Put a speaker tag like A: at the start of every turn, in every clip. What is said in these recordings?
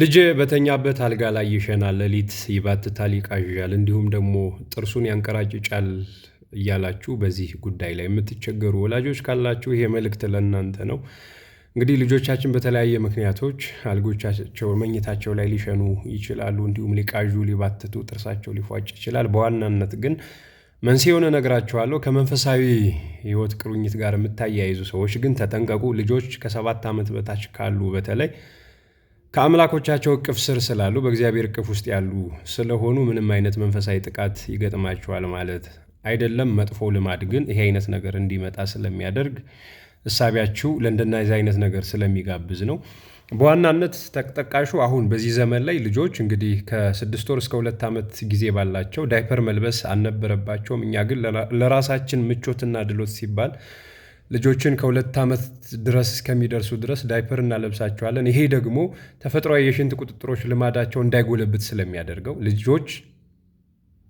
A: ልጅ በተኛበት አልጋ ላይ ይሸናል፣ ሌሊት ይባትታል፣ ይቃዣል፣ እንዲሁም ደግሞ ጥርሱን ያንቀራጭጫል እያላችሁ በዚህ ጉዳይ ላይ የምትቸገሩ ወላጆች ካላችሁ ይሄ መልእክት ለእናንተ ነው። እንግዲህ ልጆቻችን በተለያየ ምክንያቶች አልጎቻቸው መኝታቸው ላይ ሊሸኑ ይችላሉ፣ እንዲሁም ሊቃዡ፣ ሊባትቱ፣ ጥርሳቸው ሊፏጭ ይችላል። በዋናነት ግን የሆነ እነግራችኋለሁ። ከመንፈሳዊ ሕይወት ቅሩኝት ጋር የምታያይዙ ሰዎች ግን ተጠንቀቁ። ልጆች ከሰባት ዓመት በታች ካሉ በተለይ ከአምላኮቻቸው እቅፍ ስር ስላሉ በእግዚአብሔር እቅፍ ውስጥ ያሉ ስለሆኑ ምንም አይነት መንፈሳዊ ጥቃት ይገጥማቸዋል ማለት አይደለም። መጥፎ ልማድ ግን ይሄ አይነት ነገር እንዲመጣ ስለሚያደርግ እሳቢያችሁ ለእንደናዚ አይነት ነገር ስለሚጋብዝ ነው። በዋናነት ተጠቃሹ አሁን በዚህ ዘመን ላይ ልጆች እንግዲህ ከስድስት ወር እስከ ሁለት ዓመት ጊዜ ባላቸው ዳይፐር መልበስ አልነበረባቸውም። እኛ ግን ለራሳችን ምቾትና ድሎት ሲባል ልጆችን ከሁለት ዓመት ድረስ እስከሚደርሱ ድረስ ዳይፐር እናለብሳቸዋለን። ይሄ ደግሞ ተፈጥሯዊ የሽንት ቁጥጥሮች ልማዳቸው እንዳይጎለብት ስለሚያደርገው ልጆች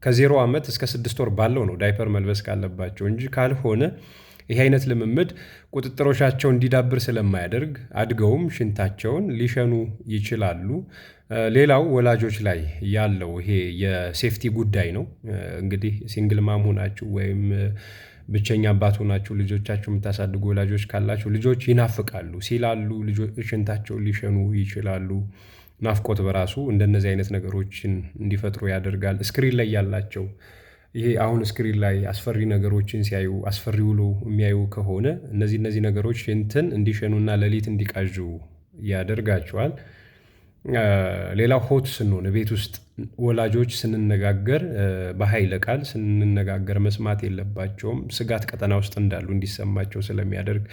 A: ከዜሮ ዓመት እስከ ስድስት ወር ባለው ነው ዳይፐር መልበስ ካለባቸው እንጂ ካልሆነ ይህ አይነት ልምምድ ቁጥጥሮቻቸው እንዲዳብር ስለማያደርግ አድገውም ሽንታቸውን ሊሸኑ ይችላሉ። ሌላው ወላጆች ላይ ያለው ይሄ የሴፍቲ ጉዳይ ነው። እንግዲህ ሲንግል ማም ሆናችሁ ወይም ብቸኛ አባት ሆናችሁ ልጆቻችሁ የምታሳድጉ ወላጆች ካላችሁ ልጆች ይናፍቃሉ፣ ሲላሉ፣ ሽንታቸውን ሊሸኑ ይችላሉ። ናፍቆት በራሱ እንደነዚህ አይነት ነገሮችን እንዲፈጥሩ ያደርጋል። ስክሪን ላይ ያላቸው ይሄ አሁን ስክሪን ላይ አስፈሪ ነገሮችን ሲያዩ አስፈሪ ውሎ የሚያዩ ከሆነ እነዚህ እነዚህ ነገሮች ሽንትን እንዲሸኑና ሌሊት እንዲቃዡ ያደርጋቸዋል። ሌላው ሆት ስንሆን ቤት ውስጥ ወላጆች ስንነጋገር በኃይለ ቃል ስንነጋገር መስማት የለባቸውም። ስጋት ቀጠና ውስጥ እንዳሉ እንዲሰማቸው ስለሚያደርግ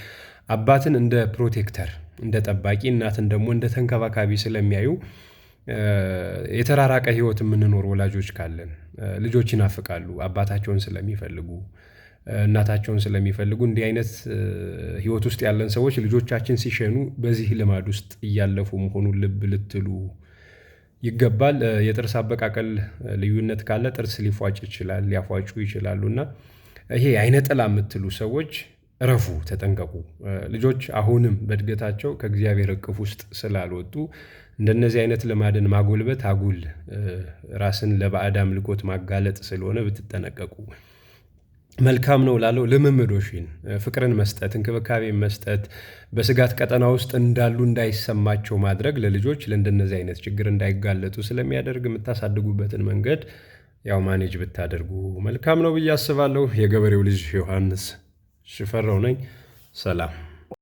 A: አባትን እንደ ፕሮቴክተር እንደ ጠባቂ፣ እናትን ደግሞ እንደ ተንከባካቢ ስለሚያዩ የተራራቀ ህይወት የምንኖር ወላጆች ካለን ልጆች ይናፍቃሉ። አባታቸውን ስለሚፈልጉ እናታቸውን ስለሚፈልጉ እንዲህ አይነት ህይወት ውስጥ ያለን ሰዎች ልጆቻችን ሲሸኑ በዚህ ልማድ ውስጥ እያለፉ መሆኑን ልብ ልትሉ ይገባል። የጥርስ አበቃቀል ልዩነት ካለ ጥርስ ሊፏጭ ይችላል፣ ሊያፏጩ ይችላሉ እና ይሄ አይነ ጥላ የምትሉ ሰዎች እረፉ፣ ተጠንቀቁ። ልጆች አሁንም በእድገታቸው ከእግዚአብሔር እቅፍ ውስጥ ስላልወጡ እንደነዚህ አይነት ልማድን ማጎልበት አጉል ራስን ለባዕድ አምልኮት ማጋለጥ ስለሆነ ብትጠነቀቁ መልካም ነው ላለው ልምምዶሽን፣ ፍቅርን መስጠት፣ እንክብካቤን መስጠት፣ በስጋት ቀጠና ውስጥ እንዳሉ እንዳይሰማቸው ማድረግ ለልጆች ለእንደነዚህ አይነት ችግር እንዳይጋለጡ ስለሚያደርግ የምታሳድጉበትን መንገድ ያው ማኔጅ ብታደርጉ መልካም ነው ብዬ አስባለሁ። የገበሬው ልጅ ዮሐንስ ሽፈራው ነኝ። ሰላም